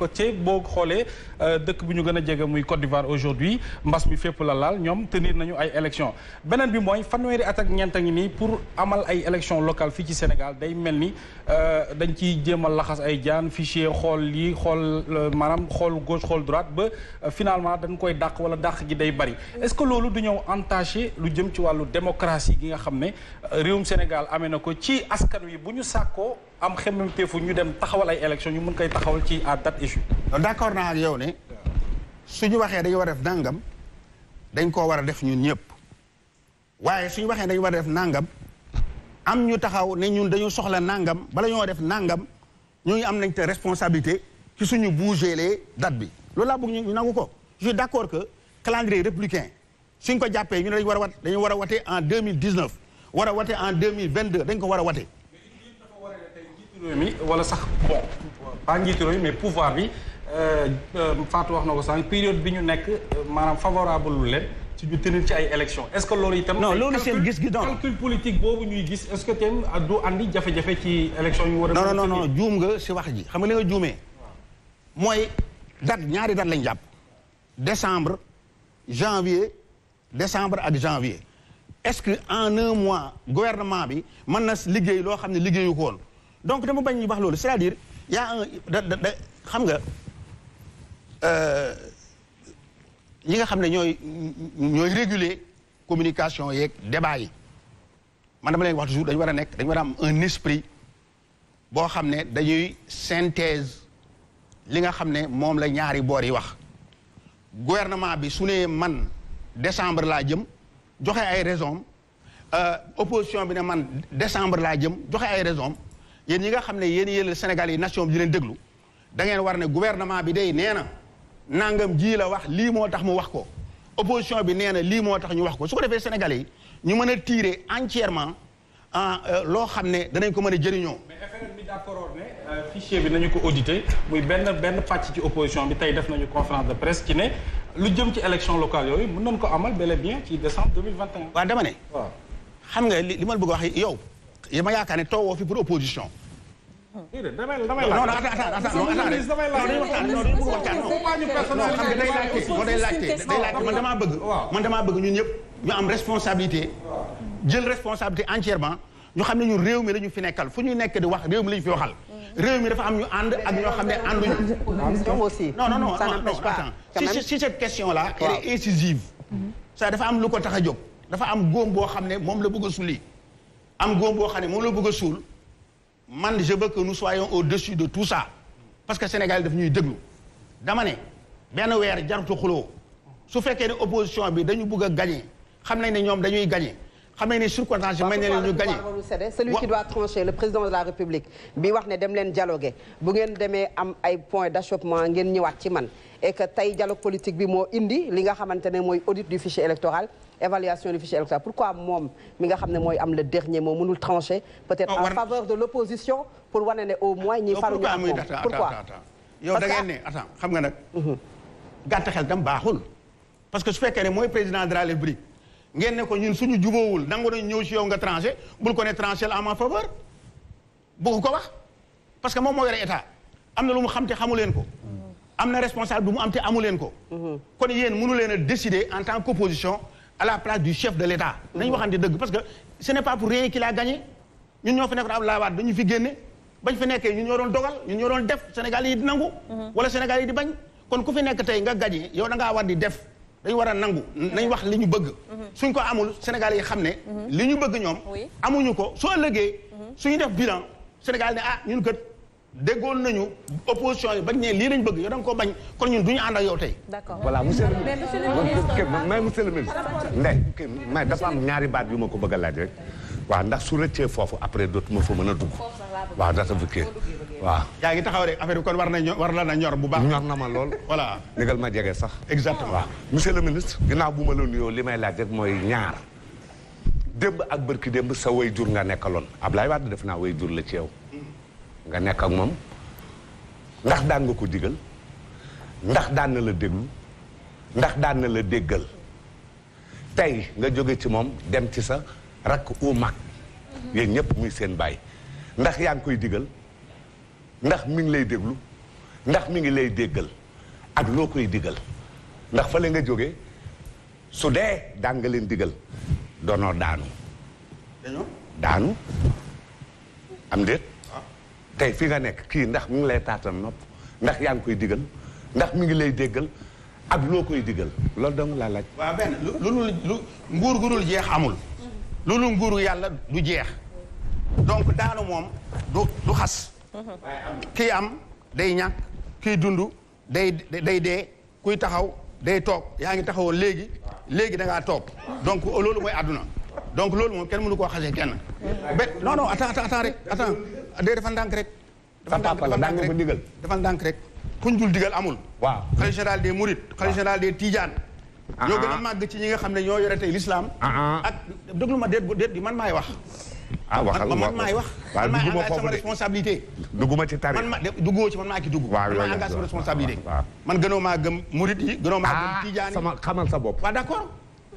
ko ci boo xoolee euh, dëkk bu ñu gën a jege muy Côte d'Ivoire aujourd'hui mbas mi fépp la laal ñoom te tenir nañu ay élection beneen bi mooy fanweeri at ak ñeent a ngi nii pour amal ay élection locale fii ci Sénégal day mel ni euh, dañ ciy jéemal laxas ay jaan fichier xool lii xool euh, maanaam xool gauche xool droite ba finalement dañ koy dàq wala dàq gi day bari est-ce que loolu du ñëw entaché lu jëm ci wàllu démocratie gi nga xam ne réewum Sénégal amee na ko ci askan wi bu ñu sàkkoo am xemmemteefu ñu dem taxawal ay élection ñu mën koy taxawal ci à date échue. d' accord naa yow ne su ñu waxee dañu war def nangam dañ koo war a def ñun ñëpp waaye suñu waxee dañu war a def nangam am ñu taxaw ne ñun dañu soxla nangam bala ñoo def nangam ñooñu am nañ te responsabilité ci suñu bougélee date bi. loolu laa bëgg ñu nangu ko je suis d' accord que suñ ko jàppee ñu ne dañu war a wat dañu war a wate en deux mille dix neuf war a wate en deux mille vingt deux dañ ko a wate. njiitu réew wala sax bon pas njiitu mais pouvoir bi euh, euh, Fatou wax na ko sànq période bi ñu nekk euh, maanaam favorable lu leen ci ñu tënit ci ay élections est ce que loolu itam. non loolu seen gis-gis non politique boobu ñuy gis est ce que tam du andi jafe-jafe ci élection yu war a. non non juum nga si wax ji xam nga li nga mooy date ñaari date lañ jàpp. décembre janvier décembre ak janvier. est ce que en un mois gouvernement bi mën na liggéey loo xam ne liggéeyu ko donc dama bañ wax loolu c'est-à-dire y a xam nga euh, ñi nga xam ne ñooy ñooy réguler communication yeeg débat yi man dama leen wax toujours dañu war a nekk dañu war am un esprit boo xam ne dañuy synthèse li nga xam ne moom la ñaari boor yi wax gouvernement bi su ne man décembre laa jëm joxe ay raison euh, opposition bi ne man décembre laa jëm joxe ay raison yéen ñi nga xam ne yéen yéen Sénégal yi nation bi leen déglu da ngeen war ne gouvernement bi day nee na nangam ji la wax lii moo tax mu wax ko opposition bi nee na lii moo tax ñu wax ko su ko defee Sénégal yi ñu mën a tiire entièrement ah, euh, loo xam ne danañ ko mën a jëriñoo. mais FRN bi d'accord ne euh, fichier bi nañu ko audité muy benn benn pàcc ci opposition bi tey def nañu conférence de presse ci ne lu jëm ci élection locale yooyu mën nañ ko amal bel et bien ci décembre 2021. waaw dama ne. waaw xam nga li li ma bëgg wax yow. ma yaakaar ne toogoo fi pour opposition. déedéet damay damay laaj. non non attends attends non non day laajte day laajte man damaa bëgg. man damaa bëgg ñun ñëpp ñu am responsabilité. jël responsabilité entièrement ñu xam ne ñu réew mi la ñu fi nekkal fu ñu nekk di wax réew mi la ñu fi waxal. réew mi dafa am ñu ànd ak ñoo xam ne ànduñu. non non non non si cette question là. elle est incisive. ça dafa am lu ko tax a jóg. dafa am góom boo xam ne moom la bëgg a suli am góom boo xam ne moom la bëgg suul man je veux que nous soyons au-dessus de tout ça parce que Sénégal def ñuy déglu dama ne benn weer jarutu xuloo su fekkee ne opposition bi dañu bëgg a gagné xam nañ ne ñoom dañuy gagné xam nañ ne circonstance yi may ne ñu gagné celui qui doit trancher le président de la république bi wax ne dem leen jaloge bu ngeen demee am ay points d'achoppement ngeen ñëwaat ci man et que tey dialogue politique bi moo indi li nga xamante ne mooy audit du fichier électoral évaluation du fichier électoral pourquoi moom mi nga xam ne mooy am le dernier moo mënul trancher peut-être oh, en faveur de l'opposition pour wane ne au moins ñi faruñu ak moom pourquoi yow xam nga nag mhm. gàtt xel tam baaxul parce que su fekkee ne mooy président de la République ngeen ne ko ñun su suñu jubóowul nangu nañ ñëw si yow nga tranché bul ko ne tranché la en ma faveur bëgg ko wax parce que moom moo yore am na lu mu xam te xamu leen ko am na responsable bu mu am ti amu leen ko. Mhm. kon yéen mënu leen a décidé en tant qu'opposition à la place du chef de l'État. Mhm. nañu waxante dëgg parce que ce n'est pas pour rien qu'il a gagné ñun ñoo fi nekkoon Abdoulaye Wade dañu fi génne bañ fi nekkee ñun ñoo doon dogal ñun ñoo doon def Sénégal yi di nangu. Mhm. wala Sénégal yi di bañ kon ku fi nekk tey nga gagné yow da ngaa war di def. dañ war a nangu nañ wax li ñu bëgg suñ ko amul Sénégal yi xam ne li ñu bëgg ñoom amuñu ko soo ëllëgee suñu def bilan Sénégal ah ñun kët déggoon nañu opposition yi bañ ne lii lañ bëgg yow da nga koo bañ kon ñun du ñu ànd ak yow tey. d'accord voilà monsieur le ministre mais monsieur le ministre. ndey mais dafa am ñaari baat yu ma ko bëgg a laaj rek. waaw ndax su rëccee foofu après dootuma foo mën a dugg. waaw dafa bëggee waaw. yaa ngi taxaw rek affaire bi kon war na war na ñor bu baax. ñor na ma lool voilà. ndigal ma jege sax. exactement waaw monsieur le ministre. ginnaaw bu ma la nuyoo li may laaj rek mooy ñaar. démb ak bërki démb sa way jur nga nekkaloon Ablaye Wade def naa way jur la ci yow nga nekk ak moom ndax daan nga ko digal ndax daan na la déglu ndax daan na la déggal tey nga jóge ci moom dem ci sa rakk u mag yéen ñëpp muy seen baay ndax yaa ngi koy digal ndax mi ngi lay déglu ndax mi ngi lay déggal ak loo koy digal ndax fa la nga jóge su dee daan nga leen digal doonoo daanu daanu am déet tey fi nga nekk kii ndax mu ngi lay taatal nopp ndax yaa ngi koy digal ndax mu ngi lay déggal ak loo koy digal loolu dong laa laaj. waaw benn lu lu nguur gu dul jeex amul. lu lu nguuru yàlla du jeex. donc daanu moom du du xas. kii am day ñàkk kii dund day day dee kuy taxaw day toog yaa ngi taxawoon léegi. léegi da ngaa toog. donc loolu mooy àdduna. donc loolu moom kenn mënu koo xasee kenn. mais non non attends attends rek day defal ndànk rek. dafa ndànk rek digal dafa ndànk rek. kuñ dul digal amul. waaw xalifa général des Mourides. waaw xalifa général des Tidiane. Ah, ñoo ah. gën a màgg ci ñi nga xam ne ñoo yore tey l'islam. Ah, ak déglu ma déet bu déet man maay wax. ah waxal man maay wax. waaw dugguma foofu de man maay sama responsabilité. dugguma ci tari man ma duggoo ci man maa ki dugg. waaw man maa engagé sama responsabilité. man gënoo maa gëm Mouride yi gënoo maa gëm Tidiane sama xamal sa bopp. waaw d'accord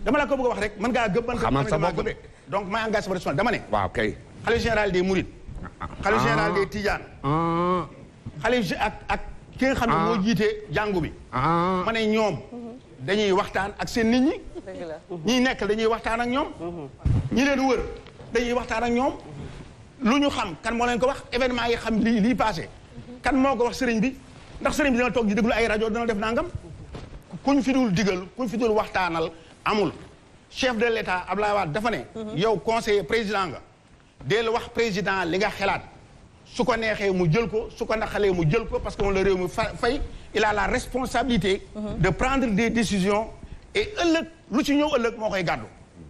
dama la ko bëgg a wax rek mën ngaa gëm. xamal sa bopp de donc maa engagé sama responsabilité dama ne. waaw kay xalifa général des Mourides xalif ah. général des Tidiane. Ah. ak ak ki nga xam ne ah. moo jiite jàngu bi. ma ne ñoom. dañuy waxtaan ak seen nit ñi. ñi nekk dañuy waxtaan ak ñoom. ñi leen wër dañuy waxtaan ak ñoom. lu ñu xam kan moo leen ko wax événement yi xam lii lii passé. kan moo ko wax sëriñ bi ndax sëriñ bi dina toog di déglu ay rajo dina def nangam. kuñ fi dul digal kuñ fi waxtaanal amul. chef de l' état Abdoulaye Wade dafa ne. Mhm. yow conseiller président nga. deel wax président li nga xalaat su ko neexee mu jël ko su ko naxalee mu jël ko parce que moom la réew mi fay il a la responsabilité mhm. de prendre des décisions et ëllëg lu ci ñëw ëllëg moo koy gàddu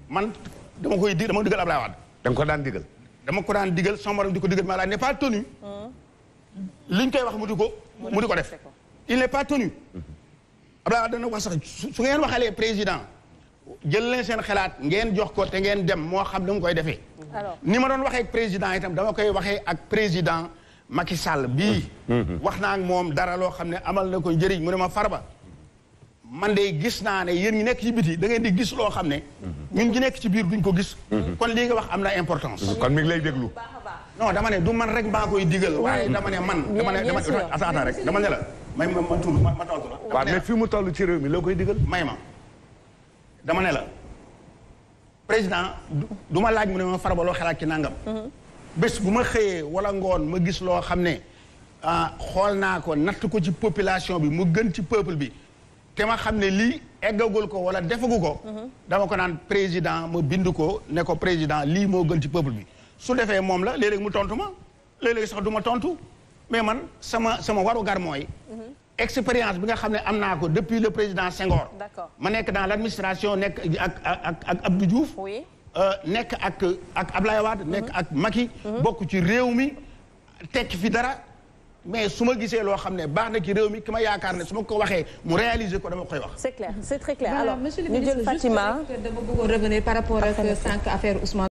man dama koy di dama ko digal Ablaye Wade da ko daan digal dama ko daan digal sama morom di ko digal ma la n'est pas tenu mhm. liñ koy wax mu di ko mu di ko def il n'est pas tenu mhm. Ablaye Wade dana wax sax su ngeen waxalee président jël leen seen xalaat ngeen jox ko te ngeen dem moo xam da nga koy defee. ni ma doon waxee ak président itam dama koy waxee ak président Macky Sall bii. Mm-hmm. wax naa ak moom dara loo xam ne amal na ko njëriñ mu ne ma farba. man de gis naa ne yéen ñi nekk ci biti da ngeen di gis loo xam ne. Mm-hmm. ñun ñi nekk ci biir duñ ko gis. Mm-hmm. kon lii wax am na importance. kon mi ngi lay déglu. non dama ne du man rek maa koy digal. waaye dama ne man dama ne dama attends rek dama ne la. may ma ma tudd ma tontu la. mu toll ci réew mi loo koy digal may ma. dama ne la président du ma laaj mu ne ma farabaloo xalaat ci nangam. Mhm. bés bu ma xëyee wala ngoon ma gis loo xam ne ah, xool naa ko natt ko ci population bi mu gën ci peuple bi te ma xam ne lii eggagul ko wala defagu ko. Mhm. dama ko naan président ma bind ko ne ko président lii moo gën ci peuple bi su defee moom la léeg-léeg mu tontu ma léeg sax du ma tontu mais man sama sama warugar mooy. Mhm. expérience bi nga xam ne am naa ko depuis le président Senghor. d'accord ma nekk dans l'administration nekk ak ak ak Abdou Diouf. Euh, nekk ak ak Ablaye Wade. Mhm. nekk ak Macky. Mhm. bokk ci réew mi tekki fi dara. mais su ma gisee loo xam ne baax na ci réew mi ki ma yaakaar ne su ma ko waxee mu réaliser ko dama koy wax. c'est clair c'est très clair alors monsieur le ministre juste euh, par rapport ak sànq euh, affaire Ousmane.